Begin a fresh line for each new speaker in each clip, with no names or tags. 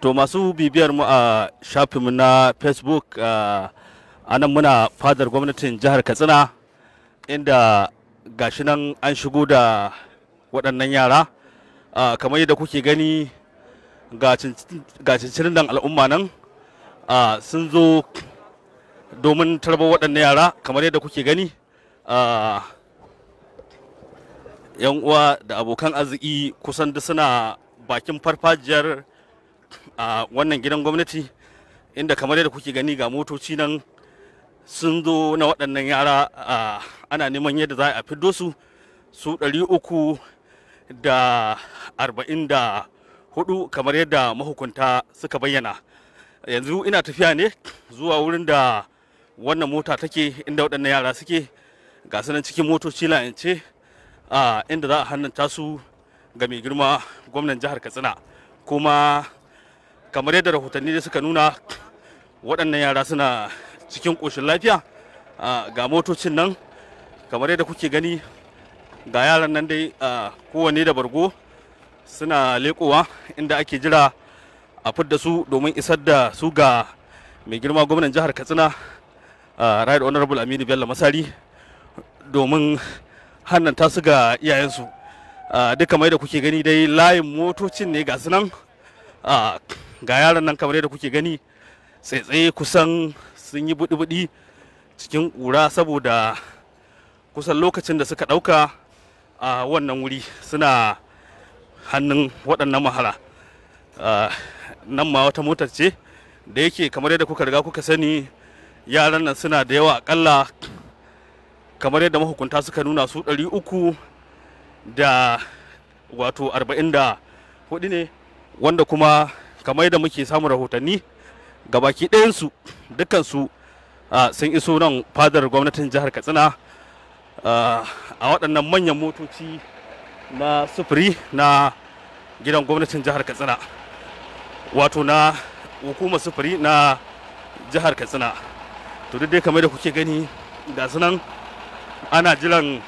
to masu bibiyar mu a shafinmu na facebook a nan muna fadar gwamnatin jihar katsina inda gashi nan an shigo da waɗannan yara kamar yadda kuke gani ga cincirin nan al'umma nan sun zo domin tarbar waɗannan yara kamar yadda kuke gani uwa da abokan arziki kusan da suna bakin farfajiyar a wannan gidan gwamnati inda kamar yadda kuke gani ga motoci nan sun zo na waɗannan yara ana neman yadda za a fiddo su su ɗari uku da arba'in da hudu kamar yadda mahukunta suka bayyana yanzu ina tafiya ne zuwa wurin da wannan mota take inda waɗannan yara suke ga nan cikin motoci la'ance inda za a hannunta su ga mai girma gwamnan jihar katsina kuma kamar yadda rahotanni da suka nuna waɗannan yara suna cikin ƙoshin lafiya ga motocin nan kamar yadda kuke gani ga yaran nan dai kowanne da bargo suna leƙowa inda ake jira a fidda su domin isar da su ga mai girma gwamnan jihar katsina right honorable aminu bello masari domin hannanta su ga iyayensu duka mai da kuke gani dai layin motocin ne ga su nan ga yaran nan kamar yadda kuke gani tsaitsaye kusan sun yi buɗi-buɗi cikin ƙura saboda kusan lokacin da suka ɗauka a wannan wuri suna hannun waɗannan mahara nan ma wata motar ce da yake kamar yadda kuka riga kuka sani yaran nan suna da yawa akalla kamar yadda mahukunta suka nuna su ɗari uku da wato arba'in da hudu ne wanda kuma kamar yadda muke samun rahotanni gabaki ɗayansu dukansu sun iso nan fadar gwamnatin jihar katsina a waɗannan manyan motoci na sufuri na gidan gwamnatin jihar katsina wato na hukumar sufuri na jihar katsina to duk dai kamar da kuke gani ga sunan ana jiran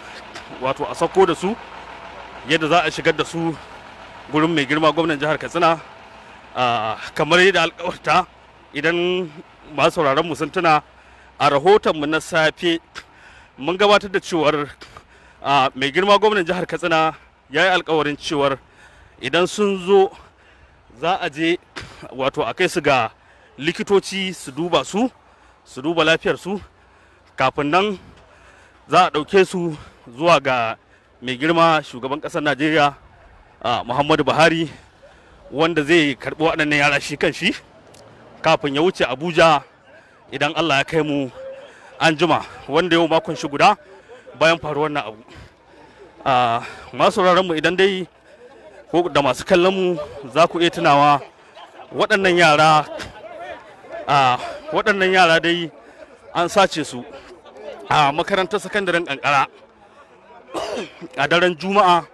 wato a sauko da su yadda za a shigar da su gurin mai girma gwamnan jihar katsina Ah, kamar yadda alkawarta idan masu sauraron mu sun tuna a rahoton mu na safe mun gabatar da cewar ah, mai girma gwamnan jihar katsina ya yi alkawarin cewar idan sun zo za a je wato a kai su ga likitoci su duba su su duba lafiyar su kafin nan za a ɗauke su zuwa ga mai girma shugaban ƙasar najeriya ah, muhammadu buhari wanda zai karɓi waɗannan yara shi kan shi kafin ya wuce abuja idan allah ya kai mu an jima wanda yau makon shi guda bayan faruwar wannan abu ah, masu mu idan dai ko da masu kallon mu za ku iya tunawa waɗannan yara waɗannan yara dai an sace su a makarantar sakandaren kankara a daren juma'a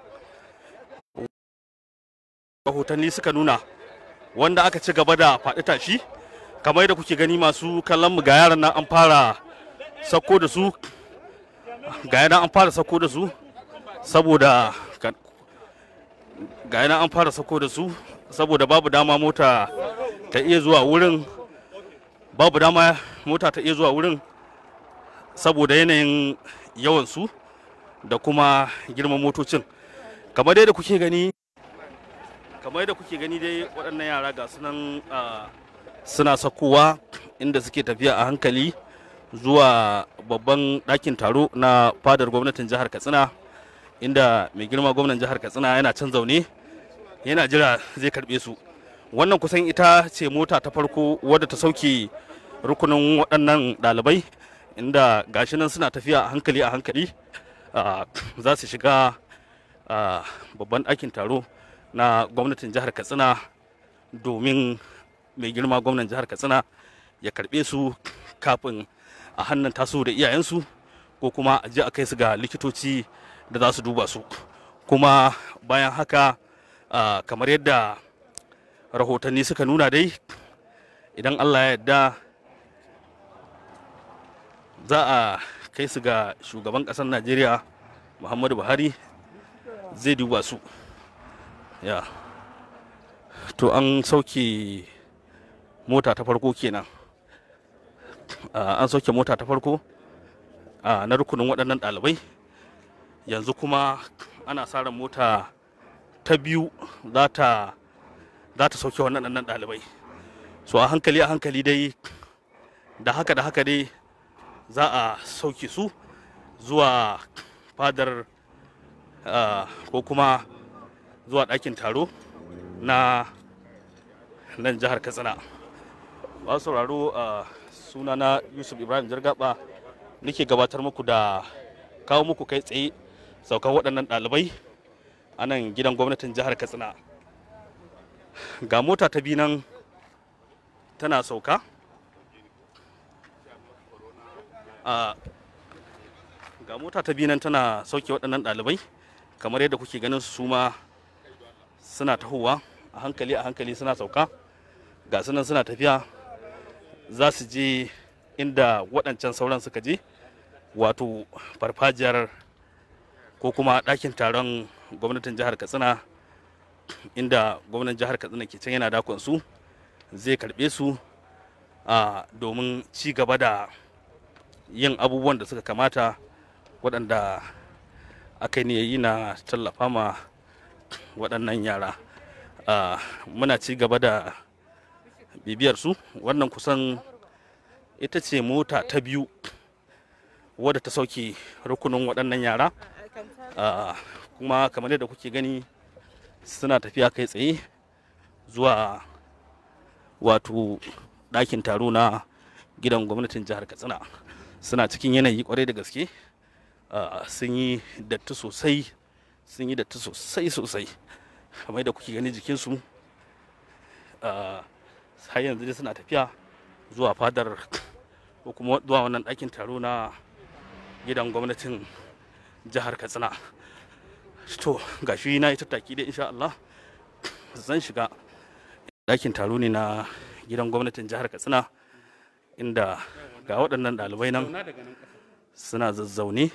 rahotanni suka nuna wanda aka ci gaba da faɗi tashi kamar da kuke gani masu kallon mu ga yaran nan an fara sako da su ga yaran an fara sako da su saboda ga yaran an fara sako da su saboda babu dama mota ta iya zuwa wurin babu dama mota ta iya zuwa wurin saboda yanayin yawansu da kuma girman motocin kamar dai da kuke gani kamar yadda kuke gani dai waɗannan yara ga sunan suna sakowa inda suke tafiya a hankali zuwa babban ɗakin taro na fadar gwamnatin jihar katsina inda mai girma gwamnan jihar katsina yana can zaune yana jira zai karɓe su wannan kusan ita ce mota ta farko wadda ta sauke rukunin waɗannan ɗalibai inda gashi nan suna tafiya a hankali a hankali za su shiga babban ɗakin taro na gwamnatin jihar katsina domin mai girma gwamnan jihar katsina ya karbe su kafin a hannun taso da iyayensu ko kuma a je a kai su ga likitoci da za su duba su kuma bayan haka kamar yadda rahotanni suka nuna dai idan allah ya yarda za a kai su ga shugaban ƙasar najeriya muhammadu buhari zai duba su ya to an sauke mota ta farko kenan an sauke mota ta farko na rukunin waɗannan ɗalibai yanzu kuma ana tsarin mota ta biyu za ta sauke waɗannan ɗalibai so a hankali a hankali dai da haka da haka dai za a sauke su zuwa fadar ko kuma zuwa ɗakin taro na nan jihar katsina ba sauraro a na yusuf ibrahim jirgaba nake gabatar muku da kawo muku kai tsaye saukan waɗannan ɗalibai a nan gidan gwamnatin jihar katsina ga mota ta bi nan tana sauka ga mota ta bi nan tana sauke waɗannan ɗalibai kamar yadda kuke ganin su ma suna tahowa a hankali a hankali suna sauka ga sunan suna tafiya za su je inda waɗancan sauran suka je wato farfajiyar ko kuma ɗakin taron gwamnatin jihar katsina inda gwamnan jihar katsina ke can yana dakon su zai karɓe su domin ci gaba da yin abubuwan da suka kamata waɗanda aka yi na tallafa ma waɗannan yara muna ci gaba da bibiyar su wannan kusan ita ce mota ta biyu wadda ta sauke rukunin waɗannan yara kuma kamar yadda kuke gani suna tafiya kai tsaye zuwa wato ɗakin taro na gidan gwamnatin jihar katsina suna cikin yanayi kwarai da gaske sun yi datti sosai sun yi datti sosai sosai kamar da kuke gani jikinsu ah, har yanzu dai suna tafiya zuwa fadar ko kuma zuwa wannan ɗakin taro na gidan gwamnatin jihar katsina to shi na yi tattaki dai insha Allah zan shiga ɗakin taro ne na gidan gwamnatin jihar katsina inda ga waɗannan ɗalibai nan suna zazzaune